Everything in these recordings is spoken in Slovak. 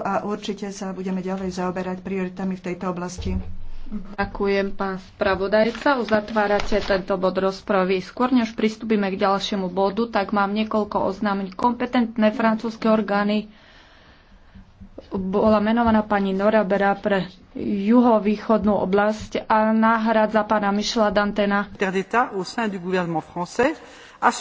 a určite sa budeme ďalej zaoberať prioritami v tejto oblasti. Ďakujem, pán spravodajca. Uzatvárate tento bod rozpravy. Skôr než pristúpime k ďalšiemu bodu, tak mám niekoľko oznámení. Kompetentné francúzske orgány bola menovaná pani Nora Bera pre juhovýchodnú oblasť a nahrádza pána Michela Dantena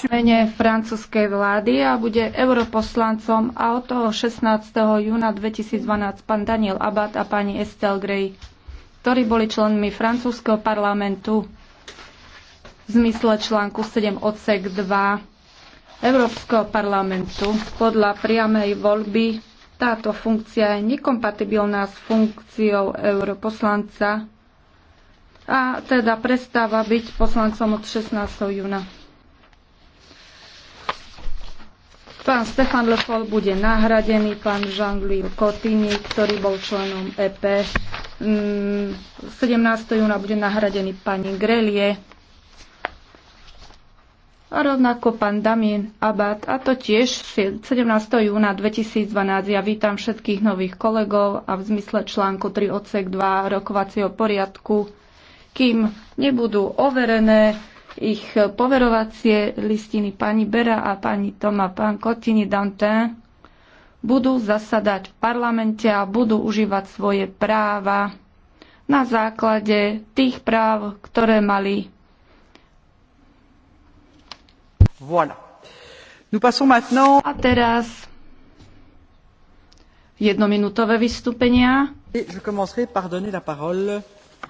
mene francúzskej vlády a bude europoslancom a od toho 16. júna 2012 pán Daniel Abad a pani Estelle Grey, ktorí boli členmi francúzského parlamentu v zmysle článku 7 odsek 2 Európskeho parlamentu podľa priamej voľby táto funkcia je nekompatibilná s funkciou europoslanca a teda prestáva byť poslancom od 16. júna. Pán Stefan Lefol bude nahradený, pán Jean-Louis Cotini, ktorý bol členom EP. 17. Mm, júna bude nahradený pani Grelie. A rovnako pán Damien Abad, a to tiež 17. júna 2012. Ja vítam všetkých nových kolegov a v zmysle článku 3 odsek 2 rokovacieho poriadku, kým nebudú overené ich poverovacie listiny pani Bera a pani Toma, pán Kotini Dantin, budú zasadať v parlamente a budú užívať svoje práva na základe tých práv, ktoré mali Voilà. Nous passons maintenant... A teraz jednominútové vystúpenia. Et je commencerai par donner la parole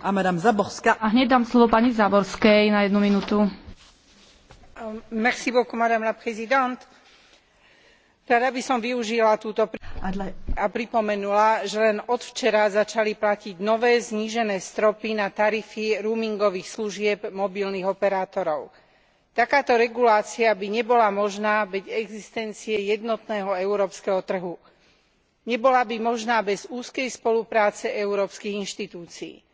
à Madame Zaborska. A hneď dám slovo pani Zaborskej na jednu minútu. Um, merci beaucoup, Madame la Présidente rada by som využila túto príležitosť a pripomenula že len od včera začali platiť nové znížené stropy na tarify roamingových služieb mobilných operátorov takáto regulácia by nebola možná bez existencie jednotného európskeho trhu nebola by možná bez úzkej spolupráce európskych inštitúcií.